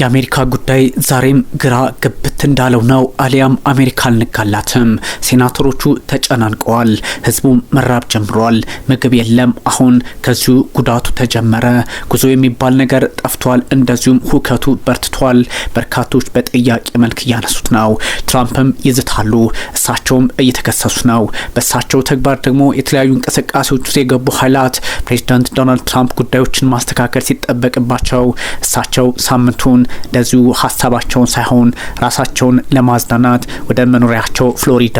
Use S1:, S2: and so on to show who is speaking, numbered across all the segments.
S1: የአሜሪካ ጉዳይ ዛሬም ግራ ግብት እንዳለው ነው። አሊያም አሜሪካ አልንካላትም። ሴናተሮቹ ተጨናንቀዋል። ህዝቡ መራብ ጀምሯል። ምግብ የለም። አሁን ከዚሁ ጉዳቱ ተጀመረ። ጉዞ የሚባል ነገር ጠፍቷል። እንደዚሁም ሁከቱ በርትቷል። በርካቶች በጥያቄ መልክ እያነሱት ነው። ትራምፕም ይዝታሉ፣ እሳቸውም እየተከሰሱ ነው። በእሳቸው ተግባር ደግሞ የተለያዩ እንቅስቃሴዎች ውስጥ የገቡ ኃይላት ፕሬዚዳንት ዶናልድ ትራምፕ ጉዳዮችን ማስተካከል ሲጠበቅባቸው እሳቸው ሳምንቱን እንደዚሁ ሀሳባቸውን ሳይሆን ራሳቸውን ለማዝናናት ወደ መኖሪያቸው ፍሎሪዳ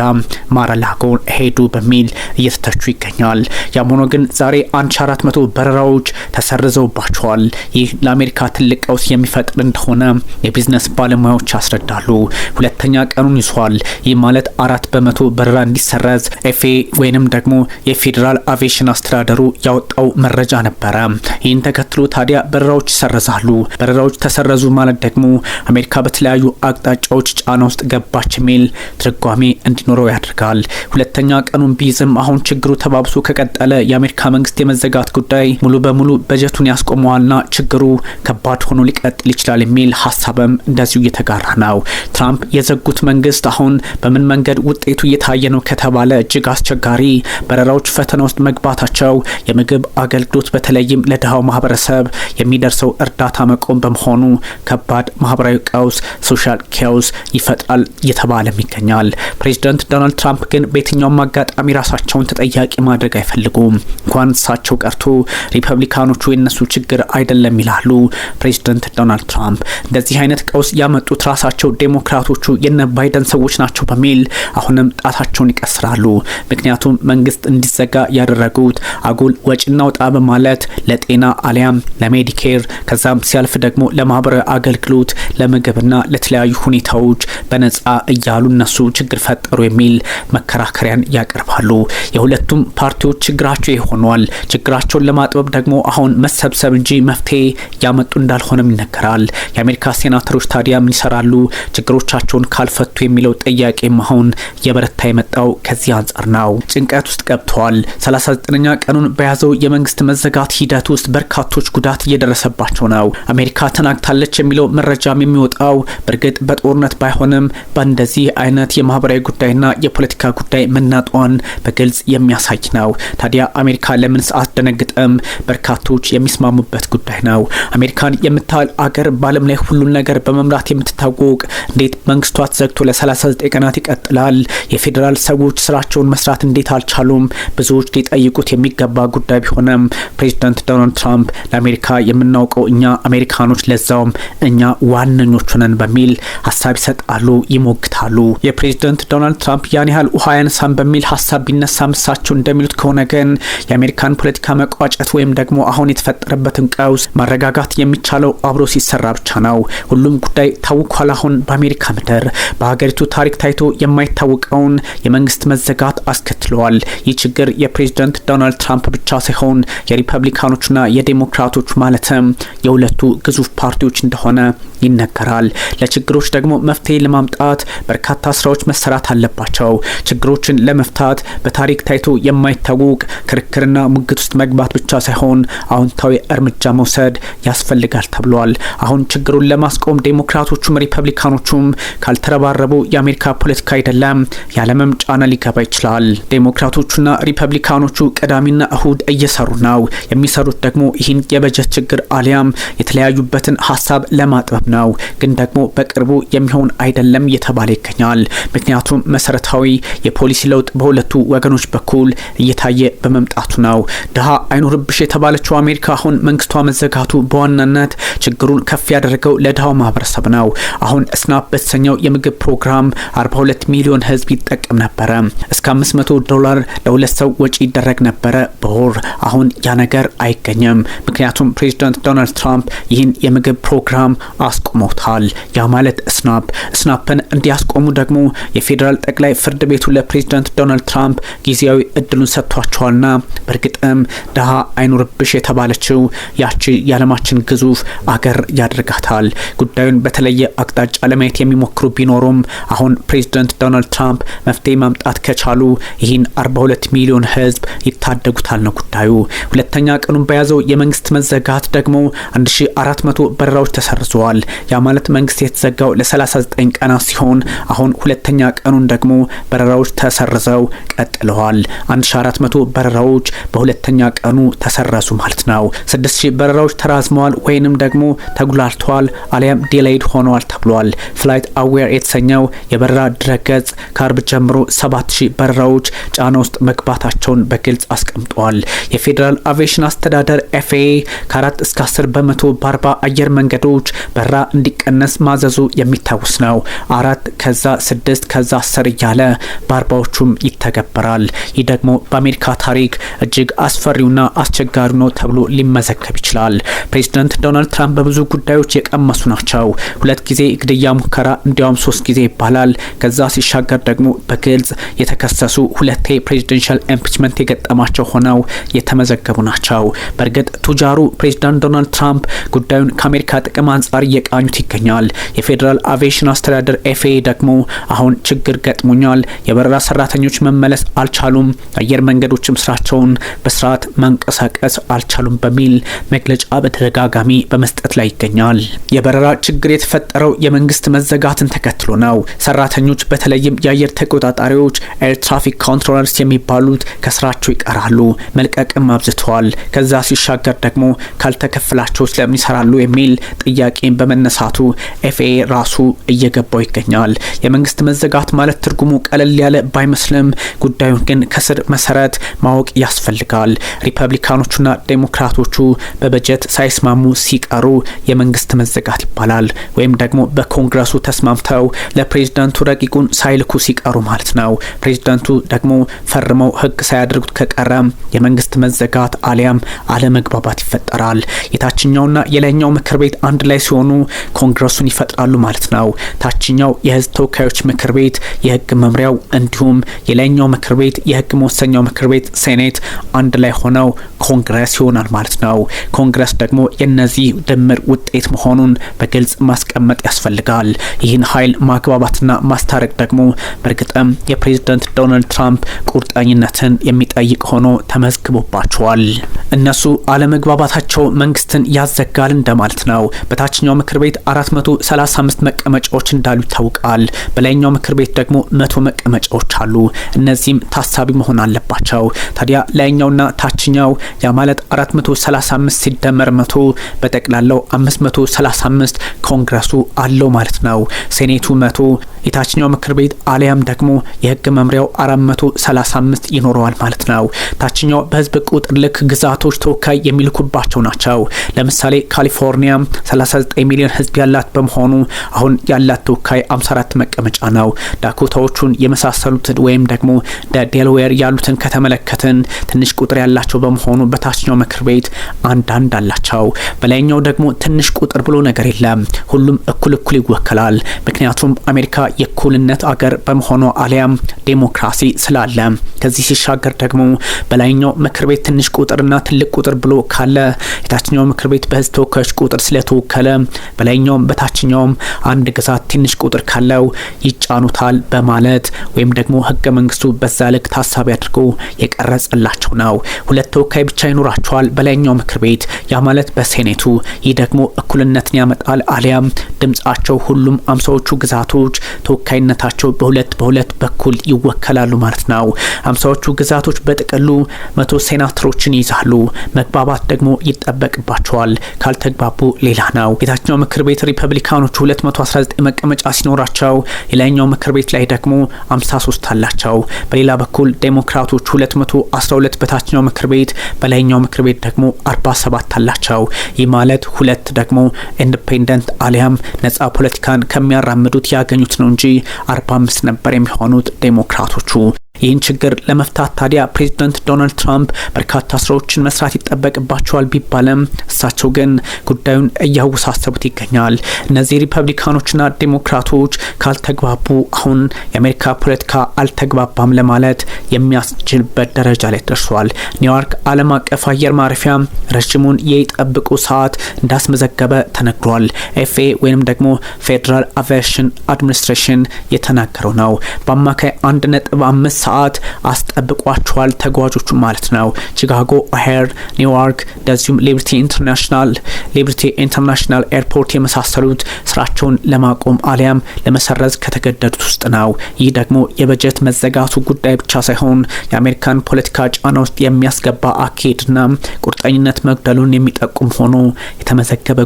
S1: ማረላጎን ሄዱ በሚል እየተተቹ ይገኛል። ያም ሆኖ ግን ዛሬ አንድ ሺ አራት መቶ በረራዎች ተሰርዘውባቸዋል። ይህ ለአሜሪካ ትልቅ ቀውስ የሚፈጥር እንደሆነ የቢዝነስ ባለሙያዎች ያስረዳሉ። ሁለተኛ ቀኑን ይዟል። ይህ ማለት አራት በመቶ በረራ እንዲሰረዝ ኤፌ ወይንም ደግሞ የፌዴራል አቪዬሽን አስተዳደሩ ያወጣው መረጃ ነበረ። ይህን ተከትሎ ታዲያ በረራዎች ይሰረዛሉ። በረራዎች ተሰረዙ ማለት ደግሞ አሜሪካ በተለያዩ አቅጣጫዎች ጫና ውስጥ ገባች የሚል ትርጓሜ እንዲኖረው ያደርጋል። ሁለተኛ ቀኑን ቢይዝም አሁን ችግሩ ተባብሶ ከቀጠለ የአሜሪካ መንግስት የመዘጋት ጉዳይ ሙሉ በሙሉ በጀቱን ያስቆመዋልና ችግሩ ከባድ ሆኖ ሊቀጥል ይችላል የሚል ሀሳብም እንደዚሁ እየተጋራ ነው። ትራምፕ የዘጉት መንግስት አሁን በምን መንገድ ውጤቱ እየታየ ነው ከተባለ እጅግ አስቸጋሪ በረራዎች ፈተና ውስጥ መግባታቸው፣ የምግብ አገልግሎት በተለይም ለድሃው ማህበረሰብ የሚደርሰው እርዳታ መቆም በመሆኑ ከባድ ማህበራዊ ቀውስ ሶሻል ኬውስ ይፈጣል እየተባለም ይገኛል። ፕሬዚደንት ዶናልድ ትራምፕ ግን በየትኛውም አጋጣሚ ራሳቸውን ተጠያቂ ማድረግ አይፈልጉም። እንኳን እሳቸው ቀርቶ ሪፐብሊካኖቹ የነሱ ችግር አይደለም ይላሉ ፕሬዚደንት ዶናልድ ትራምፕ። እንደዚህ አይነት ቀውስ ያመጡት ራሳቸው ዴሞክራቶቹ የነ ባይደን ሰዎች ናቸው በሚል አሁንም ጣታቸውን ይቀስራሉ። ምክንያቱም መንግስት እንዲዘጋ ያደረጉት አጉል ወጪና ወጣ በማለት ለጤና አሊያም ለሜዲኬር ከዛም ሲያልፍ ደግሞ ለማህበራዊ አገልግሎት ለምግብና ለተለያዩ ሁኔታዎች በነጻ እያሉ እነሱ ችግር ፈጠሩ የሚል መከራከሪያን ያቀርባሉ። የሁለቱም ፓርቲዎች ችግራቸው ይሆኗል። ችግራቸውን ለማጥበብ ደግሞ አሁን መሰብሰብ እንጂ መፍትሄ ያመጡ እንዳልሆነም ይነገራል። የአሜሪካ ሴናተሮች ታዲያ ምን ይሰራሉ? ችግሮቻቸውን ካልፈቱ የሚለው ጥያቄም አሁን የበረታ የመጣው ከዚህ አንጻር ነው። ጭንቀት ውስጥ ገብተዋል። 39ኛ ቀኑን በያዘው የመንግስት መዘጋት ሂደት ውስጥ በርካቶች ጉዳት እየደረሰባቸው ነው። አሜሪካ ተናግታለች። የሚለው መረጃም የሚወጣው በእርግጥ በጦርነት ባይሆንም በእንደዚህ አይነት የማህበራዊ ጉዳይና የፖለቲካ ጉዳይ መናጧን በግልጽ የሚያሳይ ነው። ታዲያ አሜሪካ ለምን አትደነግጥም? በርካቶች የሚስማሙበት ጉዳይ ነው። አሜሪካን የምታል አገር በዓለም ላይ ሁሉን ነገር በመምራት የምትታወቅ እንዴት መንግስቷ ተዘግቶ ለ39 ቀናት ይቀጥላል? የፌዴራል ሰዎች ስራቸውን መስራት እንዴት አልቻሉም? ብዙዎች ሊጠይቁት የሚገባ ጉዳይ ቢሆንም ፕሬዚዳንት ዶናልድ ትራምፕ ለአሜሪካ የምናውቀው እኛ አሜሪካኖች ለዛውም እኛ ዋነኞቹ ነን በሚል ሀሳብ ይሰጣሉ፣ ይሞግታሉ። የፕሬዚደንት ዶናልድ ትራምፕ ያን ያህል ውሃ ያንሳም በሚል ሀሳብ ቢነሳ ምሳቸው እንደሚሉት ከሆነ ግን የአሜሪካን ፖለቲካ መቋጨት ወይም ደግሞ አሁን የተፈጠረበትን ቀውስ ማረጋጋት የሚቻለው አብሮ ሲሰራ ብቻ ነው። ሁሉም ጉዳይ ታውኳል። አሁን በአሜሪካ ምድር በሀገሪቱ ታሪክ ታይቶ የማይታወቀውን የመንግስት መዘጋት አስከትለዋል። ይህ ችግር የፕሬዚደንት ዶናልድ ትራምፕ ብቻ ሳይሆን የሪፐብሊካኖቹና የዴሞክራቶች ማለትም የሁለቱ ግዙፍ ፓርቲዎች እንደ እንደሆነ ይነገራል። ለችግሮች ደግሞ መፍትሄ ለማምጣት በርካታ ስራዎች መሰራት አለባቸው። ችግሮችን ለመፍታት በታሪክ ታይቶ የማይታወቅ ክርክርና ሙግት ውስጥ መግባት ብቻ ሳይሆን አዎንታዊ እርምጃ መውሰድ ያስፈልጋል ተብሏል። አሁን ችግሩን ለማስቆም ዴሞክራቶቹም ሪፐብሊካኖቹም ካልተረባረቡ የአሜሪካ ፖለቲካ አይደለም ያለምም ጫና ሊገባ ይችላል። ዴሞክራቶቹና ሪፐብሊካኖቹ ቅዳሜና እሁድ እየሰሩ ነው። የሚሰሩት ደግሞ ይህን የበጀት ችግር አሊያም የተለያዩበትን ሀሳብ ለማጥበብ ነው፣ ግን ደግሞ በቅርቡ የሚሆን አይደለም እየተባለ ይገኛል። ምክንያቱም መሰረታዊ የፖሊሲ ለውጥ በሁለቱ ወገኖች በኩል እየታየ በመምጣቱ ነው። ድሀ አይኖርብሽ የተባለችው አሜሪካ አሁን መንግስቷ መዘጋቱ በዋናነት ችግሩን ከፍ ያደረገው ለድሀው ማህበረሰብ ነው። አሁን ስናፕ በተሰኘው የምግብ ፕሮግራም 42 ሚሊዮን ህዝብ ይጠቀም ነበረ። እስከ 500 ዶላር ለሁለት ሰው ወጪ ይደረግ ነበረ በወር። አሁን ያ ነገር አይገኝም። ምክንያቱም ፕሬዚዳንት ዶናልድ ትራምፕ ይህን የምግብ ፕሮግራም ፕሮግራም አስቆመውታል። ያ ማለት ስናፕ ስናፕን እንዲያስቆሙ ደግሞ የፌዴራል ጠቅላይ ፍርድ ቤቱ ለፕሬዚዳንት ዶናልድ ትራምፕ ጊዜያዊ እድሉን ሰጥቷቸዋልና በእርግጥም ድሀ አይኑርብሽ የተባለችው ያቺ የዓለማችን ግዙፍ አገር ያደርጋታል። ጉዳዩን በተለየ አቅጣጫ ለማየት የሚሞክሩ ቢኖሩም አሁን ፕሬዚዳንት ዶናልድ ትራምፕ መፍትሄ ማምጣት ከቻሉ ይህን 42 ሚሊዮን ህዝብ ይታደጉታል ነው ጉዳዩ። ሁለተኛ ቀኑን በያዘው የመንግስት መዘጋት ደግሞ 1400 በረራዎች ተሰርዘዋል። ያ ማለት መንግስት የተዘጋው ለ39 ቀናት ሲሆን አሁን ሁለተኛ ቀኑን ደግሞ በረራዎች ተሰርዘው ቀጥለዋል። 1400 በረራዎች በሁለተኛ ቀኑ ተሰረዙ ማለት ነው። 6000 በረራዎች ተራዝመዋል ወይንም ደግሞ ተጉላልተዋል አሊያም ዲሌይድ ሆነዋል ተብሏል። ፍላይት አዌር የተሰኘው የበረራ ድረገጽ ከአርብ ጀምሮ 7000 በረራዎች ጫና ውስጥ መግባታቸውን በግልጽ አስቀምጧል። የፌዴራል አቪዬሽን አስተዳደር ኤፍኤ ከ4 እስከ 10 በመቶ በአርባ አየር መንገዶች ሰዎች በራ እንዲቀነስ ማዘዙ የሚታወስ ነው። አራት ከዛ ስድስት ከዛ አስር እያለ በአርባዎቹም ይተገበራል። ይህ ደግሞ በአሜሪካ ታሪክ እጅግ አስፈሪውና አስቸጋሪ ነው ተብሎ ሊመዘገብ ይችላል። ፕሬዚደንት ዶናልድ ትራምፕ በብዙ ጉዳዮች የቀመሱ ናቸው። ሁለት ጊዜ ግድያ ሙከራ እንዲያውም ሶስት ጊዜ ይባላል። ከዛ ሲሻገር ደግሞ በግልጽ የተከሰሱ ሁለቴ ፕሬዚደንሻል ኢምፒችመንት የገጠማቸው ሆነው የተመዘገቡ ናቸው። በእርግጥ ቱጃሩ ፕሬዚዳንት ዶናልድ ትራምፕ ጉዳዩን ከአሜሪካ ጥቅም አንጻር እየቃኙት ይገኛል። የፌዴራል አቪዬሽን አስተዳደር ኤፍኤ ደግሞ አሁን ችግር ገጥሞኛል፣ የበረራ ሰራተኞች መመለስ አልቻሉም፣ አየር መንገዶችም ስራቸውን በስርዓት መንቀሳቀስ አልቻሉም በሚል መግለጫ በተደጋጋሚ በመስጠት ላይ ይገኛል። የበረራ ችግር የተፈጠረው የመንግስት መዘጋትን ተከትሎ ነው። ሰራተኞች በተለይም የአየር ተቆጣጣሪዎች ኤር ትራፊክ ኮንትሮለርስ የሚባሉት ከስራቸው ይቀራሉ፣ መልቀቅም አብዝተዋል። ከዛ ሲሻገር ደግሞ ካልተከፍላቸው ስለምን ይሰራሉ የሚል ጥያቄን በመነሳቱ ኤፍኤ ራሱ እየገባው ይገኛል። የመንግስት መዘጋት ማለት ትርጉሙ ቀለል ያለ ባይመስልም ጉዳዩን ግን ከስር መሰረት ማወቅ ያስፈልጋል። ሪፐብሊካኖቹና ዴሞክራቶቹ በበጀት ሳይስማሙ ሲቀሩ የመንግስት መዘጋት ይባላል። ወይም ደግሞ በኮንግረሱ ተስማምተው ለፕሬዚዳንቱ ረቂቁን ሳይልኩ ሲቀሩ ማለት ነው። ፕሬዚዳንቱ ደግሞ ፈርመው ህግ ሳያደርጉት ከቀረ የመንግስት መዘጋት አሊያም አለመግባባት ይፈጠራል። የታችኛውና የላይኛው ምክር ቤት አን አንድ ላይ ሲሆኑ ኮንግረሱን ይፈጥራሉ ማለት ነው። ታችኛው የህዝብ ተወካዮች ምክር ቤት የህግ መምሪያው እንዲሁም የላይኛው ምክር ቤት የህግ መወሰኛው ምክር ቤት ሴኔት አንድ ላይ ሆነው ኮንግረስ ይሆናል ማለት ነው። ኮንግረስ ደግሞ የነዚህ ድምር ውጤት መሆኑን በግልጽ ማስቀመጥ ያስፈልጋል። ይህን ኃይል ማግባባትና ማስታረቅ ደግሞ በእርግጥም የፕሬዝደንት ዶናልድ ትራምፕ ቁርጠኝነትን የሚጠይቅ ሆኖ ተመዝግቦባቸዋል። እነሱ አለመግባባታቸው መንግስትን ያዘጋል እንደማለት ነው። በታችኛው ምክር ቤት 435 መቀመጫዎች እንዳሉ ይታወቃል። በላይኛው ምክር ቤት ደግሞ መቶ መቀመጫዎች አሉ። እነዚህም ታሳቢ መሆን አለባቸው። ታዲያ ላይኛውና ታችኛው ያ ማለት 435 ሲደመር መቶ በጠቅላላው 535 ኮንግረሱ አለው ማለት ነው። ሴኔቱ መቶ የታችኛው ምክር ቤት አሊያም ደግሞ የህግ መምሪያው 435 ይኖረዋል ማለት ነው። ታችኛው በህዝብ ቁጥር ልክ ግዛቶች ተወካይ የሚልኩባቸው ናቸው። ለምሳሌ ካሊፎርኒያ 39 ሚሊዮን ህዝብ ያላት በመሆኑ አሁን ያላት ተወካይ 54 መቀመጫ ነው። ዳኮታዎቹን የመሳሰሉትን ወይም ደግሞ እንደ ዴልዌር ያሉትን ከተመለከትን ትንሽ ቁጥር ያላቸው በመሆኑ በታችኛው ምክር ቤት አንዳንድ አላቸው። በላይኛው ደግሞ ትንሽ ቁጥር ብሎ ነገር የለም። ሁሉም እኩል እኩል ይወከላል። ምክንያቱም አሜሪካ የእኩልነት አገር በመሆኗ አሊያም ዴሞክራሲ ስላለ ከዚህ ሲሻገር ደግሞ በላይኛው ምክር ቤት ትንሽ ቁጥርና ትልቅ ቁጥር ብሎ ካለ የታችኛው ምክር ቤት በህዝብ ተወካዮች ቁጥር ስለተወከለ በላይኛውም በታችኛውም አንድ ግዛት ትንሽ ቁጥር ካለው ይጫኑታል በማለት ወይም ደግሞ ህገ መንግስቱ በዛ ልክ ታሳቢ አድርጎ የቀረጸላቸው ነው። ሁለት ተወካይ ብቻ ይኖራቸዋል በላይኛው ምክር ቤት ያ ማለት በሴኔቱ። ይህ ደግሞ እኩልነትን ያመጣል አሊያም ድምጻቸው ሁሉም አምሳዎቹ ግዛቶች ተወካይነታቸው በሁለት በሁለት በኩል ይወከላሉ ማለት ነው። አምሳዎቹ ግዛቶች በጥቅሉ መቶ ሴናተሮችን ይይዛሉ። መግባባት ደግሞ ይጠበቅባቸዋል። ካልተግባቡ ሌላ ነው። የታችኛው ምክር ቤት ሪፐብሊካኖቹ 219 መቀመጫ ሲኖራቸው የላይኛው ምክር ቤት ላይ ደግሞ 53 አላቸው። በሌላ በኩል ዴሞክራቶች 212 በታችኛው ምክር ቤት በላይኛው ምክር ቤት ደግሞ 47 አላቸው። ይህ ማለት ሁለት ደግሞ ኢንዲፔንደንት አሊያም ነጻ ፖለቲካን ከሚያራምዱት ያገኙት ነው እንጂ አርባ አምስት ነበር የሚሆኑት ዴሞክራቶቹ። ይህን ችግር ለመፍታት ታዲያ ፕሬዚደንት ዶናልድ ትራምፕ በርካታ ስራዎችን መስራት ይጠበቅባቸዋል ቢባለም እሳቸው ግን ጉዳዩን እያወሳሰቡት ይገኛል። እነዚህ ሪፐብሊካኖችና ዴሞክራቶች ካልተግባቡ አሁን የአሜሪካ ፖለቲካ አልተግባባም ለማለት የሚያስችልበት ደረጃ ላይ ደርሷል። ኒውዮርክ ዓለም አቀፍ አየር ማረፊያ ረዥሙን የጠብቁ ሰዓት እንዳስመዘገበ ተነግሯል። ኤፍኤ ወይም ደግሞ ፌዴራል አቪዬሽን አድሚኒስትሬሽን የተናገረው ነው። በአማካይ አንድ ነጥብ አምስት ሰዓት አስጠብቋቸዋል ተጓዦቹ ማለት ነው። ቺካጎ ኦሄር፣ ኒውዮርክ እንደዚሁም ሊብርቲ ኢንተርናሽናል ሊብርቲ ኢንተርናሽናል ኤርፖርት የመሳሰሉት ስራቸውን ለማቆም አሊያም ለመሰረዝ ከተገደዱት ውስጥ ነው። ይህ ደግሞ የበጀት መዘጋቱ ጉዳይ ብቻ ሳይሆን የአሜሪካን ፖለቲካ ጫና ውስጥ የሚያስገባ አካሄድና ቁርጠኝነት መጉደሉን የሚጠቁም ሆኖ የተመዘገበ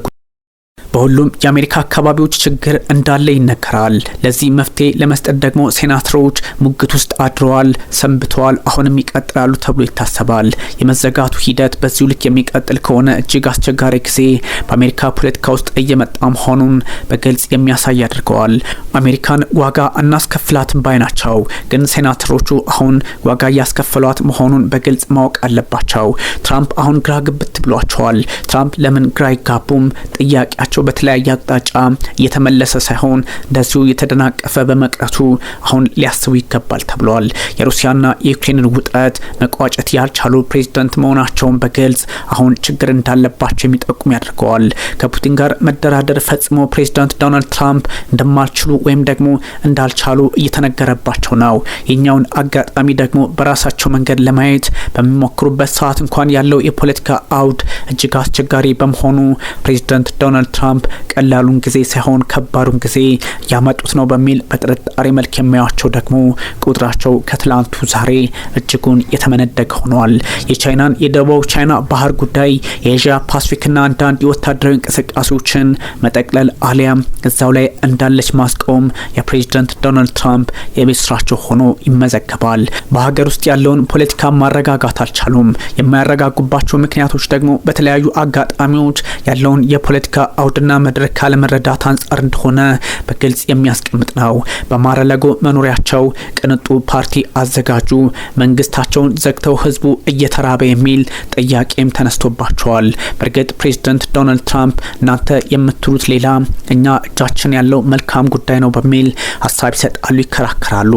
S1: በሁሉም የአሜሪካ አካባቢዎች ችግር እንዳለ ይነገራል። ለዚህ መፍትሄ ለመስጠት ደግሞ ሴናተሮች ሙግት ውስጥ አድረዋል፣ ሰንብተዋል፣ አሁንም ይቀጥላሉ ተብሎ ይታሰባል። የመዘጋቱ ሂደት በዚሁ ልክ የሚቀጥል ከሆነ እጅግ አስቸጋሪ ጊዜ በአሜሪካ ፖለቲካ ውስጥ እየመጣ መሆኑን በግልጽ የሚያሳይ አድርገዋል። አሜሪካን ዋጋ እናስከፍላትም ባይ ናቸው። ግን ሴናተሮቹ አሁን ዋጋ እያስከፈሏት መሆኑን በግልጽ ማወቅ አለባቸው። ትራምፕ አሁን ግራ ግብት ብሏቸዋል። ትራምፕ ለምን ግራ አይጋቡም? ጥያቄያቸው በተለያየ አቅጣጫ እየተመለሰ ሳይሆን እንደዚሁ የተደናቀፈ በመቅረቱ አሁን ሊያስቡ ይገባል ተብሏል። የሩሲያና የዩክሬንን ውጥረት መቋጨት ያልቻሉ ፕሬዚደንት መሆናቸውን በግልጽ አሁን ችግር እንዳለባቸው የሚጠቁም ያደርገዋል። ከፑቲን ጋር መደራደር ፈጽሞ ፕሬዚዳንት ዶናልድ ትራምፕ እንደማልችሉ ወይም ደግሞ እንዳልቻሉ እየተነገረባቸው ነው። የኛውን አጋጣሚ ደግሞ በራሳቸው መንገድ ለማየት በሚሞክሩበት ሰዓት እንኳን ያለው የፖለቲካ አውድ እጅግ አስቸጋሪ በመሆኑ ፕሬዚደንት ዶናልድ ትራምፕ ትራምፕ ቀላሉን ጊዜ ሳይሆን ከባዱን ጊዜ ያመጡት ነው በሚል በጥርጣሬ መልክ የሚያዩቸው ደግሞ ቁጥራቸው ከትላንቱ ዛሬ እጅጉን የተመነደገ ሆኗል። የቻይናን የደቡብ ቻይና ባህር ጉዳይ የኤዥያ ፓስፊክና አንዳንድ የወታደራዊ እንቅስቃሴዎችን መጠቅለል አሊያም እዛው ላይ እንዳለች ማስቆም የፕሬዚደንት ዶናልድ ትራምፕ የቤት ስራቸው ሆኖ ይመዘገባል። በሀገር ውስጥ ያለውን ፖለቲካ ማረጋጋት አልቻሉም። የማያረጋጉባቸው ምክንያቶች ደግሞ በተለያዩ አጋጣሚዎች ያለውን የፖለቲካ አውድ መንግስትና መድረክ ካለመረዳት አንጻር እንደሆነ በግልጽ የሚያስቀምጥ ነው። በማረለጎ መኖሪያቸው ቅንጡ ፓርቲ አዘጋጁ መንግስታቸውን ዘግተው ህዝቡ እየተራበ የሚል ጥያቄም ተነስቶባቸዋል። በእርግጥ ፕሬዚደንት ዶናልድ ትራምፕ እናንተ የምትሉት ሌላ፣ እኛ እጃችን ያለው መልካም ጉዳይ ነው በሚል ሀሳብ ይሰጣሉ፣ ይከራከራሉ።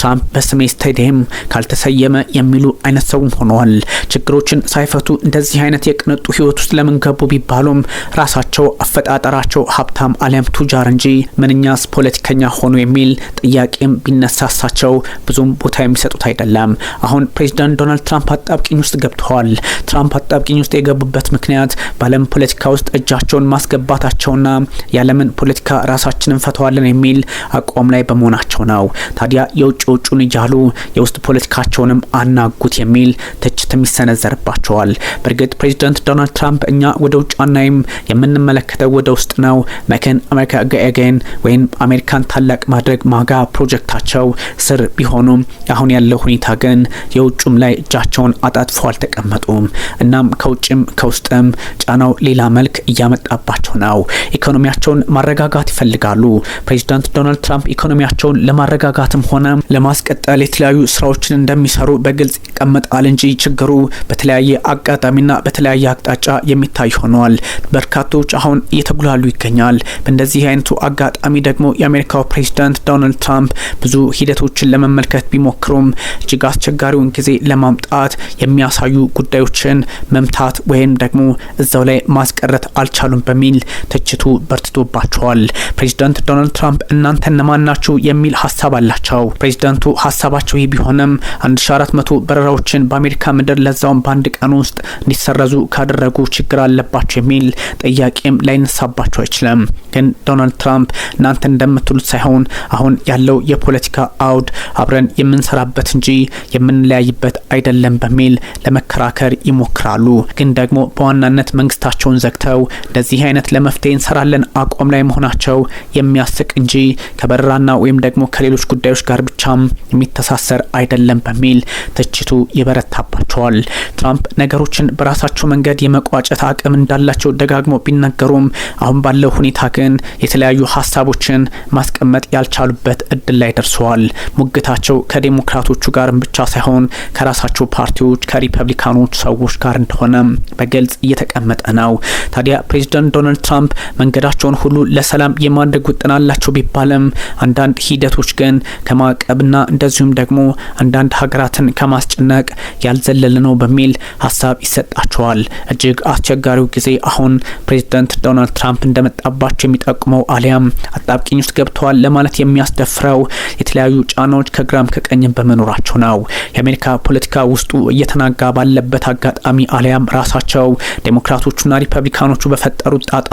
S1: ትራምፕ በስሜ ስታዲየም ካልተሰየመ የሚሉ አይነት ሰውም ሆነዋል። ችግሮችን ሳይፈቱ እንደዚህ አይነት የቅንጡ ህይወት ውስጥ ለምን ገቡ ቢባሉም ራሳቸው አፈጣ አፈጣጠራቸው ሀብታም አሊያም ቱጃር እንጂ ምንኛስ ፖለቲከኛ ሆኑ የሚል ጥያቄም ቢነሳሳቸው ብዙም ቦታ የሚሰጡት አይደለም። አሁን ፕሬዚዳንት ዶናልድ ትራምፕ አጣብቂኝ ውስጥ ገብተዋል። ትራምፕ አጣብቂኝ ውስጥ የገቡበት ምክንያት በዓለም ፖለቲካ ውስጥ እጃቸውን ማስገባታቸውና የዓለምን ፖለቲካ ራሳችን እንፈተዋለን የሚል አቋም ላይ በመሆናቸው ነው። ታዲያ የውጭ ውጩን እያሉ የውስጥ ፖለቲካቸውንም አናጉት የሚል ትችትም ይሰነዘርባቸዋል። በእርግጥ ፕሬዚዳንት ዶናልድ ትራምፕ እኛ ወደ ውጭ አናይም የምንመለከተው ወደ ውስጥ ነው መከን አሜሪካ ጋገን ወይም አሜሪካን ታላቅ ማድረግ ማጋ ፕሮጀክታቸው ስር ቢሆኑም አሁን ያለው ሁኔታ ግን የውጭም ላይ እጃቸውን አጣጥፎ አልተቀመጡም። እናም ከውጭም ከውስጥም ጫናው ሌላ መልክ እያመጣባቸው ነው። ኢኮኖሚያቸውን ማረጋጋት ይፈልጋሉ። ፕሬዚዳንት ዶናልድ ትራምፕ ኢኮኖሚያቸውን ለማረጋጋትም ሆነ ለማስቀጠል የተለያዩ ስራዎችን እንደሚሰሩ በግልጽ ይቀመጣል እንጂ ችግሩ በተለያየ አጋጣሚና በተለያየ አቅጣጫ የሚታይ ሆኗል። በርካቶች አሁን እየተጉላሉ ይገኛል። በእንደዚህ አይነቱ አጋጣሚ ደግሞ የአሜሪካው ፕሬዚዳንት ዶናልድ ትራምፕ ብዙ ሂደቶችን ለመመልከት ቢሞክሩም እጅግ አስቸጋሪውን ጊዜ ለማምጣት የሚያሳዩ ጉዳዮችን መምታት ወይም ደግሞ እዛው ላይ ማስቀረት አልቻሉም በሚል ትችቱ በርትቶባቸዋል። ፕሬዚዳንት ዶናልድ ትራምፕ እናንተ እነማን ናችሁ የሚል ሀሳብ አላቸው። ፕሬዚዳንቱ ሀሳባቸው ይህ ቢሆንም 1400 በረራዎችን በአሜሪካ ምድር ለዛውም በአንድ ቀን ውስጥ እንዲሰረዙ ካደረጉ ችግር አለባቸው የሚል ጥያቄም ላይ ሊነሳባቸው አይችልም። ግን ዶናልድ ትራምፕ እናንተ እንደምትሉት ሳይሆን አሁን ያለው የፖለቲካ አውድ አብረን የምንሰራበት እንጂ የምንለያይበት አይደለም በሚል ለመከራከር ይሞክራሉ። ግን ደግሞ በዋናነት መንግስታቸውን ዘግተው እንደዚህ አይነት ለመፍትሄ እንሰራለን አቋም ላይ መሆናቸው የሚያስቅ እንጂ ከበረራና ወይም ደግሞ ከሌሎች ጉዳዮች ጋር ብቻም የሚተሳሰር አይደለም በሚል ትችቱ ይበረታባቸዋል። ትራምፕ ነገሮችን በራሳቸው መንገድ የመቋጨት አቅም እንዳላቸው ደጋግሞ ቢናገሩም አሁን ባለው ሁኔታ ግን የተለያዩ ሀሳቦችን ማስቀመጥ ያልቻሉበት እድል ላይ ደርሰዋል። ሙግታቸው ከዴሞክራቶቹ ጋርም ብቻ ሳይሆን ከራሳቸው ፓርቲዎች ከሪፐብሊካኖች ሰዎች ጋር እንደሆነ በግልጽ እየተቀመጠ ነው። ታዲያ ፕሬዚደንት ዶናልድ ትራምፕ መንገዳቸውን ሁሉ ለሰላም የማድረግ ውጥን አላቸው ቢባልም አንዳንድ ሂደቶች ግን ከማዕቀብና እንደዚሁም ደግሞ አንዳንድ ሀገራትን ከማስጨነቅ ያልዘለለ ነው በሚል ሀሳብ ይሰጣቸዋል። እጅግ አስቸጋሪው ጊዜ አሁን ፕሬዚደንት ዶናልድ ዶናልድ ትራምፕ እንደመጣባቸው የሚጠቁመው አሊያም አጣብቂኝ ውስጥ ገብተዋል ለማለት የሚያስደፍረው የተለያዩ ጫናዎች ከግራም ከቀኝም በመኖራቸው ነው። የአሜሪካ ፖለቲካ ውስጡ እየተናጋ ባለበት አጋጣሚ አሊያም ራሳቸው ዴሞክራቶቹና ሪፐብሊካኖቹ በፈጠሩት ጣጣ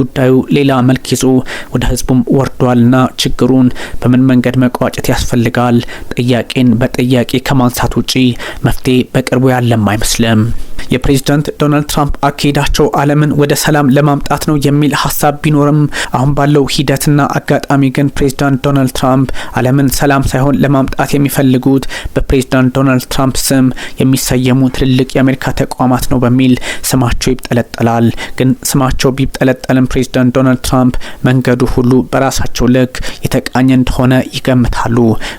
S1: ጉዳዩ ሌላ መልክ ይዞ ወደ ህዝቡም ወርዷልና ችግሩን በምን መንገድ መቋጨት ያስፈልጋል? ጥያቄን በጥያቄ ከማንሳት ውጪ መፍትሄ በቅርቡ ያለም አይመስልም። የፕሬዚዳንት ዶናልድ ትራምፕ አካሄዳቸው አለምን ወደ ሰላም ለማምጣት ነው የሚል ሀሳብ ቢኖርም አሁን ባለው ሂደትና አጋጣሚ ግን ፕሬዚዳንት ዶናልድ ትራምፕ ዓለምን ሰላም ሳይሆን ለማምጣት የሚፈልጉት በፕሬዚዳንት ዶናልድ ትራምፕ ስም የሚሰየሙ ትልልቅ የአሜሪካ ተቋማት ነው በሚል ስማቸው ይብጠለጠላል። ግን ስማቸው ቢብጠለጠልም ፕሬዚዳንት ዶናልድ ትራምፕ መንገዱ ሁሉ በራሳቸው ልክ የተቃኘ እንደሆነ ይገምታሉ።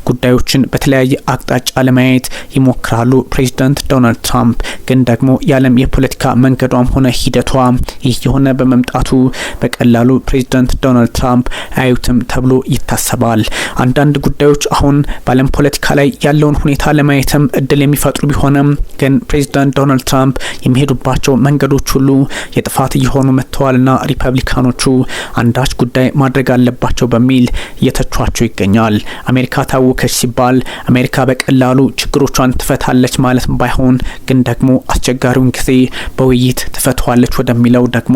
S1: ጉዳዮችን በተለያየ አቅጣጫ ለማየት ይሞክራሉ። ፕሬዚዳንት ዶናልድ ትራምፕ ግን ደግሞ የዓለም የፖለቲካ መንገዷም ሆነ ሂደቷ ይህ የሆነ በመምጣት መምጣቱ በቀላሉ ፕሬዚዳንት ዶናልድ ትራምፕ አያዩትም ተብሎ ይታሰባል። አንዳንድ ጉዳዮች አሁን በዓለም ፖለቲካ ላይ ያለውን ሁኔታ ለማየትም እድል የሚፈጥሩ ቢሆንም ግን ፕሬዚዳንት ዶናልድ ትራምፕ የሚሄዱባቸው መንገዶች ሁሉ የጥፋት እየሆኑ መጥተዋልና ሪፐብሊካኖቹ አንዳች ጉዳይ ማድረግ አለባቸው በሚል እየተቿቸው ይገኛል። አሜሪካ ታወከች ሲባል አሜሪካ በቀላሉ ችግሮቿን ትፈታለች ማለት ባይሆን ግን ደግሞ አስቸጋሪውን ጊዜ በውይይት ትፈተዋለች ወደሚለው ደግሞ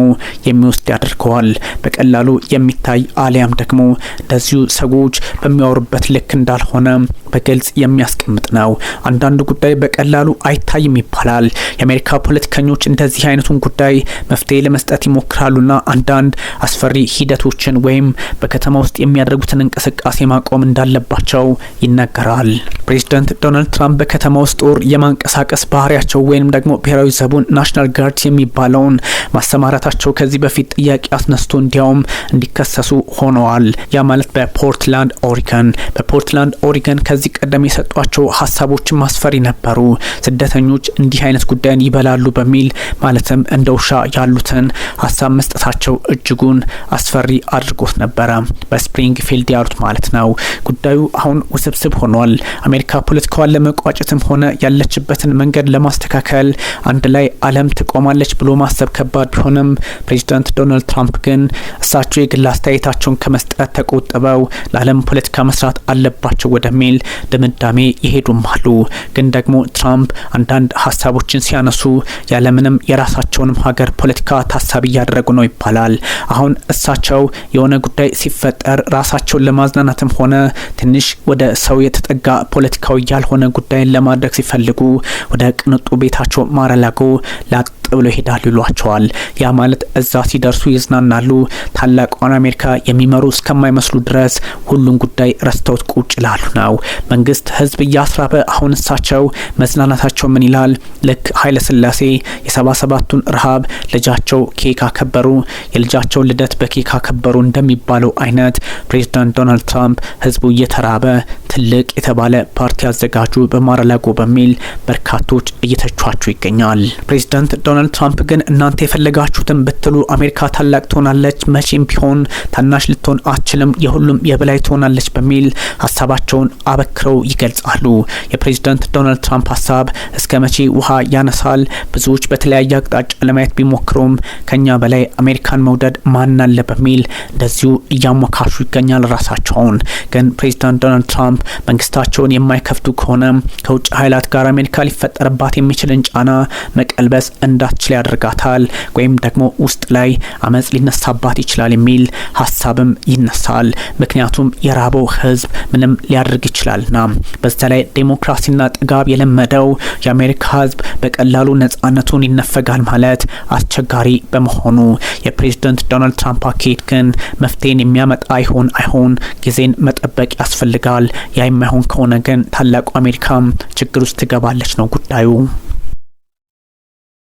S1: የሚወስ ውስጥ ያደርገዋል። በቀላሉ የሚታይ አሊያም ደግሞ እንደዚሁ ሰዎች በሚያወሩበት ልክ እንዳልሆነ በግልጽ የሚያስቀምጥ ነው። አንዳንድ ጉዳይ በቀላሉ አይታይም ይባላል። የአሜሪካ ፖለቲከኞች እንደዚህ አይነቱን ጉዳይ መፍትሄ ለመስጠት ይሞክራሉና አንዳንድ አስፈሪ ሂደቶችን ወይም በከተማ ውስጥ የሚያደርጉትን እንቅስቃሴ ማቆም እንዳለባቸው ይነገራል። ፕሬዚደንት ዶናልድ ትራምፕ በከተማ ውስጥ ጦር የማንቀሳቀስ ባህሪያቸው ወይም ደግሞ ብሔራዊ ዘቡን ናሽናል ጋርድ የሚባለውን ማሰማራታቸው ከዚህ በፊት ጥያቄ አስነስቶ እንዲያውም እንዲከሰሱ ሆነዋል። ያ ማለት በፖርትላንድ ኦሪገን በፖርትላንድ ኦሪገን ከዚህ ከዚህ ቀደም የሰጧቸው ሀሳቦች ማስፈሪ ነበሩ። ስደተኞች እንዲህ አይነት ጉዳይን ይበላሉ በሚል ማለትም እንደ ውሻ ያሉትን ሀሳብ መስጠታቸው እጅጉን አስፈሪ አድርጎት ነበረ። በስፕሪንግ ፊልድ ያሉት ማለት ነው። ጉዳዩ አሁን ውስብስብ ሆኗል። አሜሪካ ፖለቲካዋን ለመቋጨትም ሆነ ያለችበትን መንገድ ለማስተካከል አንድ ላይ ዓለም ትቆማለች ብሎ ማሰብ ከባድ ቢሆንም ፕሬዚዳንት ዶናልድ ትራምፕ ግን እሳቸው የግል አስተያየታቸውን ከመስጠት ተቆጥበው ለዓለም ፖለቲካ መስራት አለባቸው ወደሚል ድምዳሜ ይሄዱም አሉ። ግን ደግሞ ትራምፕ አንዳንድ ሀሳቦችን ሲያነሱ ያለምንም የራሳቸውንም ሀገር ፖለቲካ ታሳቢ እያደረጉ ነው ይባላል። አሁን እሳቸው የሆነ ጉዳይ ሲፈጠር ራሳቸውን ለማዝናናትም ሆነ ትንሽ ወደ ሰው የተጠጋ ፖለቲካዊ ያልሆነ ጉዳይን ለማድረግ ሲፈልጉ ወደ ቅንጡ ቤታቸው ማረላጎ ላጥ ብሎ ይሄዳሉ ይሏቸዋል። ያ ማለት እዛ ሲደርሱ ይዝናናሉ። ታላቋን አሜሪካ የሚመሩ እስከማይመስሉ ድረስ ሁሉን ጉዳይ ረስተውት ቁጭ ላሉ ነው። መንግስት ህዝብ እያስራበ አሁን እሳቸው መዝናናታቸው ምን ይላል? ልክ ኃይለ ስላሴ የሰባ ሰባቱን ረሃብ ልጃቸው ኬክ አከበሩ፣ የልጃቸውን ልደት በኬክ አከበሩ እንደሚባለው አይነት ፕሬዚዳንት ዶናልድ ትራምፕ ህዝቡ እየተራበ ትልቅ የተባለ ፓርቲ አዘጋጁ በማረላጎ በሚል በርካቶች እየተቿቸው ይገኛል። ፕሬዚዳንት ዶናልድ ትራምፕ ግን እናንተ የፈለጋችሁትን ብትሉ አሜሪካ ታላቅ ትሆናለች፣ መቼም ቢሆን ታናሽ ልትሆን አትችልም፣ የሁሉም የበላይ ትሆናለች በሚል ሀሳባቸውን አበ አበክረው ይገልጻሉ። የፕሬዚዳንት ዶናልድ ትራምፕ ሀሳብ እስከ መቼ ውሃ ያነሳል? ብዙዎች በተለያየ አቅጣጫ ለማየት ቢሞክሩም ከኛ በላይ አሜሪካን መውደድ ማን አለ በሚል እንደዚሁ እያሞካሹ ይገኛል ራሳቸውን። ግን ፕሬዚዳንት ዶናልድ ትራምፕ መንግስታቸውን የማይከፍቱ ከሆነ ከውጭ ኃይላት ጋር አሜሪካ ሊፈጠርባት የሚችልን ጫና መቀልበስ እንዳትችል ያደርጋታል ወይም ደግሞ ውስጥ ላይ አመፅ ሊነሳባት ይችላል የሚል ሀሳብም ይነሳል። ምክንያቱም የራበው ህዝብ ምንም ሊያደርግ ይችላል ይችላልና። በስተላይ ዴሞክራሲና ጥጋብ የለመደው የአሜሪካ ህዝብ በቀላሉ ነጻነቱን ይነፈጋል ማለት አስቸጋሪ በመሆኑ የፕሬዝደንት ዶናልድ ትራምፕ አካሄድ ግን መፍትሄን የሚያመጣ አይሆን አይሆን ጊዜን መጠበቅ ያስፈልጋል። ያ የማይሆን ከሆነ ግን ታላቁ አሜሪካ ችግር ውስጥ ትገባለች ነው ጉዳዩ።